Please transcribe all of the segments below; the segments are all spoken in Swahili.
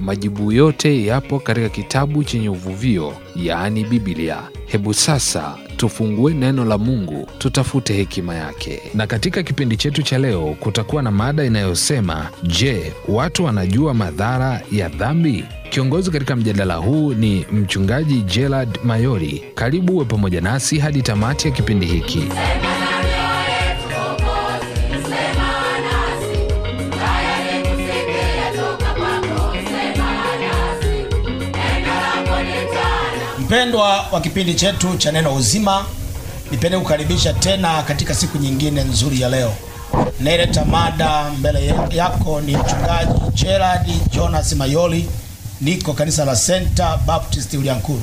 Majibu yote yapo katika kitabu chenye uvuvio, yaani Biblia. Hebu sasa tufungue neno la Mungu, tutafute hekima yake. Na katika kipindi chetu cha leo kutakuwa na mada inayosema, je, watu wanajua madhara ya dhambi? Kiongozi katika mjadala huu ni mchungaji Gerald Mayori. Karibu uwe pamoja nasi hadi tamati ya kipindi hiki. Mpendwa wa kipindi chetu cha Neno Uzima, nipende kukaribisha tena katika siku nyingine nzuri ya leo. Naileta mada mbele yako ni mchungaji Gerard Jonas Mayoli, niko kanisa la Center Baptist Uliankuru.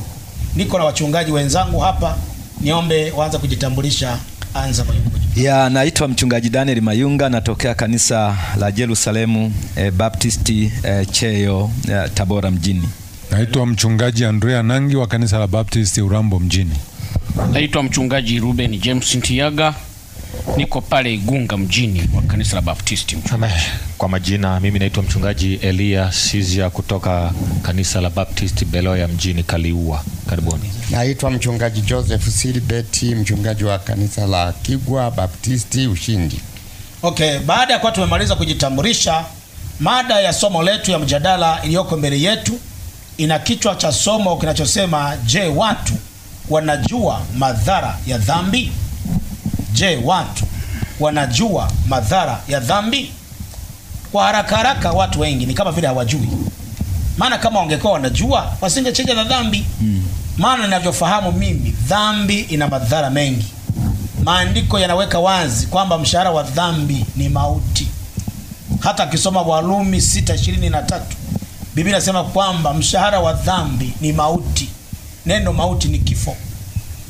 Niko na wachungaji wenzangu hapa, niombe waanza kujitambulisha. Anza ya, naitwa mchungaji Daniel Mayunga, natokea kanisa la Jerusalemu eh, Baptisti eh, Cheyo eh, Tabora mjini. Naitwa mchungaji Andrea Nangi wa kanisa la Baptist Urambo mjini. Naitwa mchungaji Ruben James Ntiyaga, niko pale Igunga mjini wa kanisa la Baptist. Kwa majina, mimi naitwa mchungaji Elia Sizia kutoka kanisa la Baptist Beloya mjini Kaliua. Karibuni. Naitwa mchungaji Joseph Silibeti, mchungaji wa kanisa la Kigwa Baptisti Ushindi. Okay, baada ya kuwa tumemaliza kujitambulisha, mada ya somo letu ya mjadala iliyoko mbele yetu ina kichwa cha somo kinachosema je, watu wanajua madhara ya dhambi? Je, watu wanajua madhara ya dhambi? Kwa haraka haraka, watu wengi ni kama vile hawajui, maana kama wangekuwa wanajua wasingecheza na dhambi mm. Maana ninavyofahamu mimi, dhambi ina madhara mengi. Maandiko yanaweka wazi kwamba mshahara wa dhambi ni mauti. Hata akisoma Warumi 6:23 Biblia inasema kwamba mshahara wa dhambi ni mauti. Neno mauti ni kifo.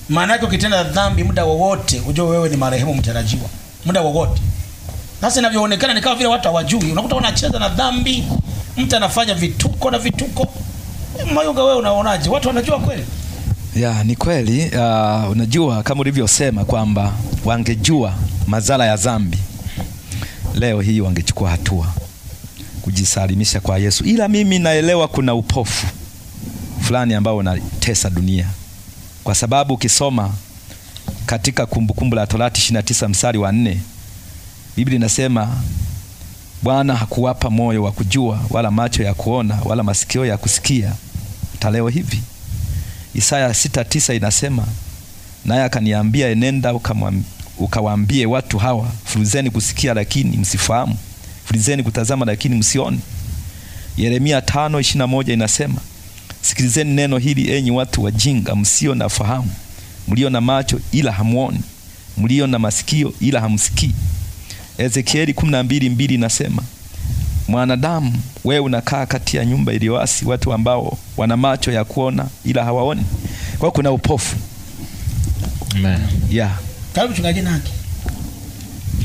Maana yake ukitenda dhambi muda wowote, ujue wewe ni marehemu mtarajiwa, muda wowote. Sasa inavyoonekana ni kama vile watu hawajui, unakuta wanacheza na dhambi, mtu anafanya vituko na vituko. Mayunga, wewe unaonaje? Watu wanajua kweli? Ya, ni kweli. Uh, unajua kama ulivyosema kwamba wangejua madhara ya dhambi leo hii wangechukua hatua kujisalimisha kwa Yesu, ila mimi naelewa kuna upofu fulani ambao unatesa dunia, kwa sababu ukisoma katika Kumbukumbu la Torati 29 msari wa nne Biblia inasema Bwana hakuwapa moyo wa kujua wala macho ya kuona wala masikio ya kusikia hata leo hivi. Isaya 6:9 inasema naye akaniambia, enenda ukawaambie watu hawa, furuzeni kusikia lakini msifahamu, Fulizeni kutazama, lakini msioni. Yeremia 5:21 inasema, sikilizeni neno hili enyi watu wajinga, msio na fahamu, mlio na macho ila hamuoni, mlio na masikio ila hamsikii. Ezekieli 12:2 inasema, mwanadamu, wewe unakaa kati ya nyumba iliyoasi, watu ambao wana macho ya kuona ila hawaoni. Kwa kuna upofu. Amen. Yeah. Karibu mchungaji Nangi.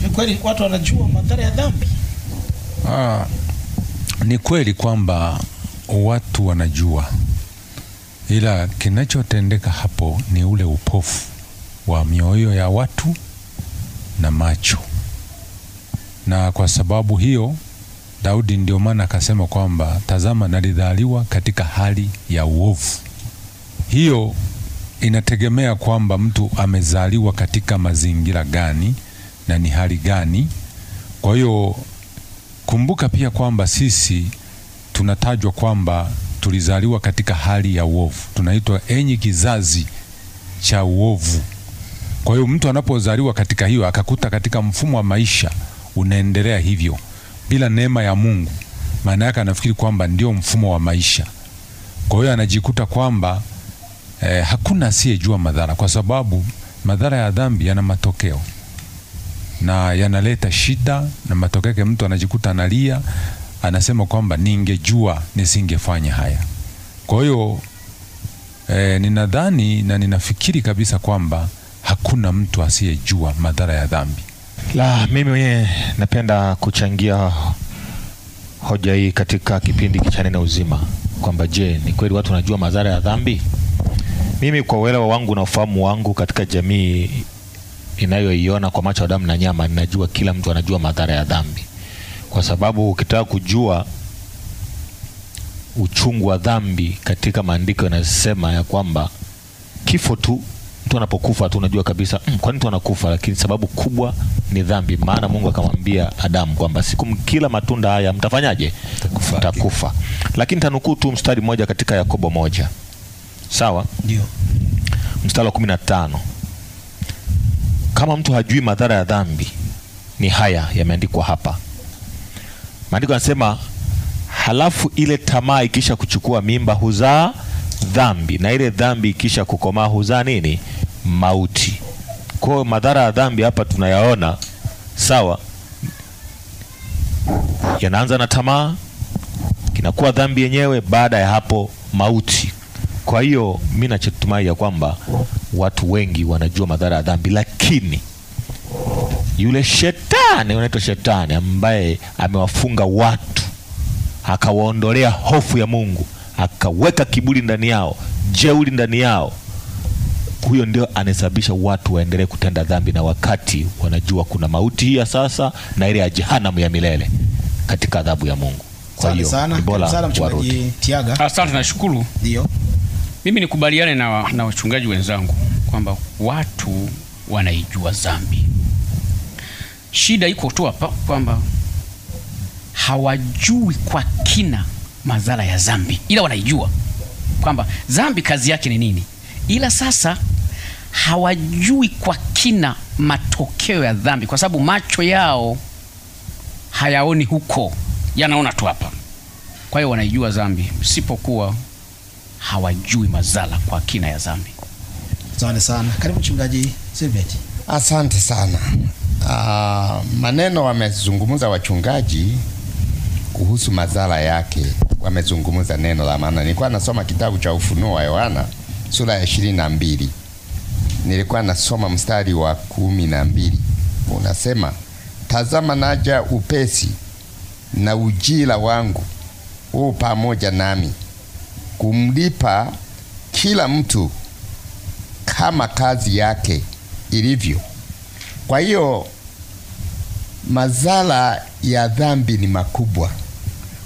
Ni kweli watu wanajua madhara ya dhambi. Ah, ni kweli kwamba watu wanajua, ila kinachotendeka hapo ni ule upofu wa mioyo ya watu na macho, na kwa sababu hiyo Daudi ndio maana akasema kwamba tazama, nalidhaliwa katika hali ya uovu. Hiyo inategemea kwamba mtu amezaliwa katika mazingira gani na ni hali gani. Kwa hiyo Kumbuka pia kwamba sisi tunatajwa kwamba tulizaliwa katika hali ya uovu, tunaitwa enyi kizazi cha uovu. Kwa hiyo mtu anapozaliwa katika hiyo, akakuta katika mfumo wa maisha unaendelea hivyo bila neema ya Mungu, maana yake anafikiri kwamba ndio mfumo wa maisha. Kwa hiyo anajikuta kwamba eh, hakuna asiyejua madhara, kwa sababu madhara ya dhambi yana matokeo na yanaleta shida, na matokeo yake mtu anajikuta analia, anasema kwamba ningejua nisingefanya haya. Kwa hiyo e, ninadhani na ninafikiri kabisa kwamba hakuna mtu asiyejua madhara ya dhambi. La, mimi mwenyewe napenda kuchangia hoja hii katika kipindi cha Neno Uzima kwamba je, ni kweli watu wanajua madhara ya dhambi? Mimi kwa uelewa wangu na ufahamu wangu katika jamii ninayoiona kwa macho ya damu na nyama, ninajua kila mtu anajua madhara ya dhambi, kwa sababu ukitaka kujua uchungu wa dhambi katika maandiko yanasema ya kwamba kifo tu, mtu anapokufa tu unajua kabisa mm, nini mtu anakufa, lakini sababu kubwa ni dhambi. Maana Mungu akamwambia Adamu kwamba siku mkila matunda haya mtafanyaje? Mtakufa. Lakini tanukuu tu mstari mmoja katika Yakobo moja, sawa, ndio mstari wa kumi na tano kama mtu hajui madhara ya dhambi ni haya yameandikwa hapa. Maandiko yanasema halafu ile tamaa ikisha kuchukua mimba huzaa dhambi, na ile dhambi ikisha kukomaa huzaa nini? Mauti. Kwa hiyo madhara ya dhambi hapa tunayaona, sawa, yanaanza na tamaa, kinakuwa dhambi yenyewe, baada ya hapo mauti. Kwa hiyo mi nachotumai ya kwamba watu wengi wanajua madhara ya dhambi, lakini yule shetani unaitwa shetani ambaye amewafunga watu akawaondolea hofu ya Mungu akaweka kiburi ndani yao, jeuri ndani yao, huyo ndio anasababisha watu waendelee kutenda dhambi, na wakati wanajua kuna mauti hii ya sasa na ile ya jehanamu ya milele katika adhabu ya Mungu. Kwa hiyo ni bora warudi. Asante, nashukuru. Ndio. Mimi nikubaliane na, na wachungaji wenzangu kwamba watu wanaijua dhambi. Shida iko tu hapa kwamba hawajui kwa kina madhara ya dhambi, ila wanaijua kwamba dhambi kazi yake ni nini, ila sasa hawajui kwa kina matokeo ya dhambi, kwa sababu macho yao hayaoni huko, yanaona tu hapa. Kwa hiyo wanaijua dhambi, sipokuwa hawajui madhara kwa kina ya dhambi. Asante sana. Karibu mchungaji Silvet. Asante sana. Uh, maneno wamezungumza wachungaji kuhusu madhara yake, wamezungumza neno la maana. Nilikuwa nasoma kitabu cha Ufunuo wa Yohana sura ya ishirini na mbili nilikuwa nasoma mstari wa kumi na mbili unasema, tazama naja upesi, na ujira wangu u pamoja nami kumlipa kila mtu kama kazi yake ilivyo. Kwa hiyo madhara ya dhambi ni makubwa,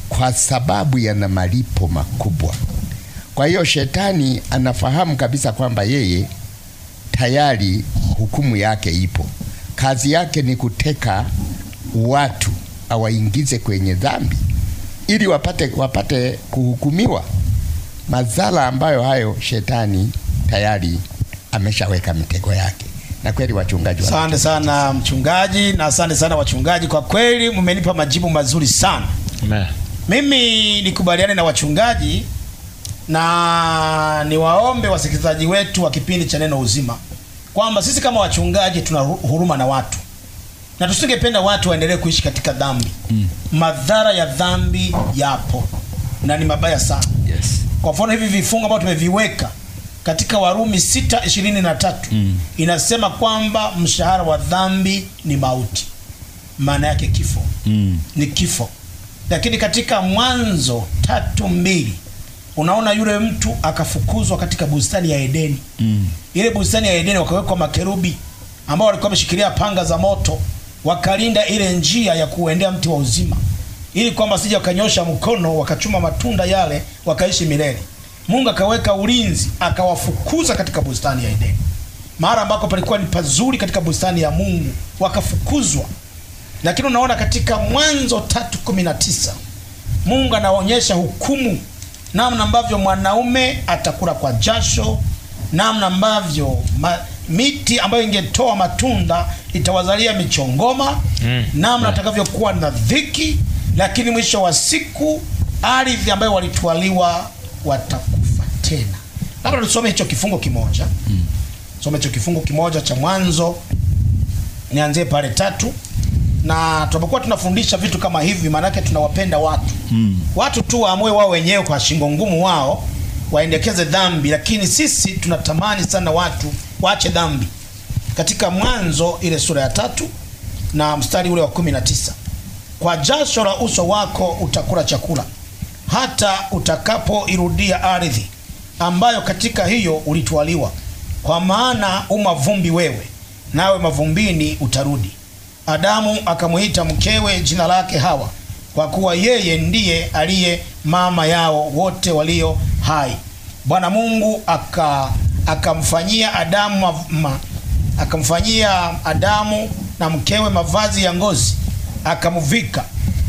kwa sababu yana malipo makubwa. Kwa hiyo shetani anafahamu kabisa kwamba yeye tayari hukumu yake ipo. Kazi yake ni kuteka watu awaingize kwenye dhambi ili wapate, wapate kuhukumiwa madhara ambayo hayo shetani tayari ameshaweka mitego yake na kweli wachungaji. Asante sana mchungaji, na asante sana wachungaji, kwa kweli mmenipa majibu mazuri sana. Amen. Mimi nikubaliane na wachungaji na niwaombe wasikilizaji wetu wa kipindi cha Neno Uzima kwamba sisi kama wachungaji tuna huruma na watu na tusingependa watu waendelee kuishi katika dhambi mm. Madhara ya dhambi yapo na ni mabaya sana yes. Kwa mfano hivi vifungo ambavyo tumeviweka katika Warumi sita ishirini na tatu mm. inasema kwamba mshahara wa dhambi ni mauti, maana yake kifo mm. ni kifo. Lakini katika Mwanzo tatu mbili unaona yule mtu akafukuzwa katika bustani ya Edeni mm. ile bustani ya Edeni wakawekwa makerubi ambao walikuwa wameshikilia panga za moto, wakalinda ile njia ya kuendea mti wa uzima ili kwamba sija wakanyosha mkono wakachuma matunda yale wakaishi milele. Mungu akaweka ulinzi, akawafukuza katika bustani ya Edeni, mara ambako palikuwa ni pazuri katika bustani ya Mungu, wakafukuzwa. Lakini unaona katika Mwanzo tatu kumi na tisa Mungu anaonyesha hukumu, namna ambavyo mwanaume atakula kwa jasho, namna ambavyo ma, miti ambayo ingetoa matunda itawazalia michongoma mm, namna mm. atakavyokuwa na dhiki lakini mwisho wa siku ardhi ambayo walitwaliwa watakufa tena. Labda tusome hicho kifungo kimoja mm. Some hicho kifungo kimoja cha Mwanzo, nianzie pale tatu na tunapokuwa tunafundisha vitu kama hivi, maanake tunawapenda watu mm. Watu tu waamue wao wenyewe kwa shingo ngumu wao waendekeze dhambi, lakini sisi tunatamani sana watu waache dhambi. Katika Mwanzo ile sura ya tatu na mstari ule wa kumi na tisa kwa jasho la uso wako utakula chakula hata utakapoirudia ardhi ambayo katika hiyo ulitwaliwa, kwa maana umavumbi wewe, nawe mavumbini utarudi. Adamu akamwita mkewe jina lake Hawa, kwa kuwa yeye ndiye aliye mama yao wote walio hai. Bwana Mungu aka akamfanyia Adamu ma, akamfanyia Adamu na mkewe mavazi ya ngozi akamvika.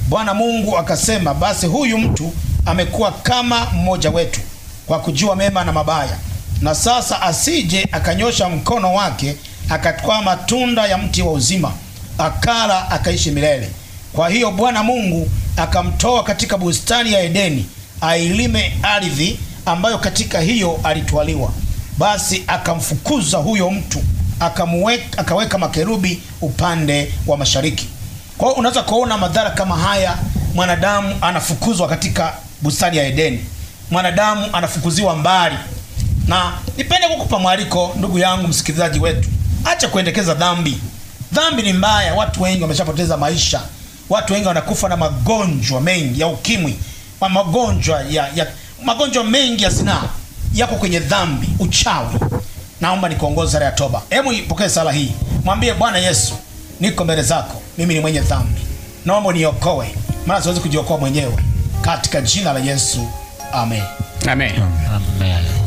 Bwana Mungu akasema, basi huyu mtu amekuwa kama mmoja wetu kwa kujua mema na mabaya, na sasa asije akanyosha mkono wake akatwaa matunda ya mti wa uzima akala akaishi milele. Kwa hiyo Bwana Mungu akamtoa katika bustani ya Edeni ailime ardhi ambayo katika hiyo alitwaliwa. Basi akamfukuza huyo mtu akamweka, akaweka makerubi upande wa mashariki kwa unaweza kuona madhara kama haya, mwanadamu anafukuzwa katika bustani ya Edeni, mwanadamu anafukuziwa mbali. Na nipende kukupa mwaliko, ndugu yangu msikilizaji wetu, acha kuendekeza dhambi. Dhambi ni mbaya, watu wengi wameshapoteza maisha, watu wengi wanakufa na magonjwa mengi ya ukimwi, magonjwa ya, ya magonjwa mengi ya sinaa yako kwenye dhambi, uchawi. Naomba nikuongoze sala ya toba. Hebu ipokee sala hii, mwambie Bwana Yesu niko mbele zako, mimi ni mwenye dhambi, naomba niokoe, maana siwezi kujiokoa mwenyewe, katika jina la Yesu, amen, amen, amen. amen.